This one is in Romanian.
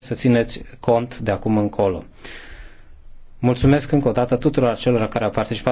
să țineți cont de acum încolo. Mulțumesc încă o dată tuturor celor care au participat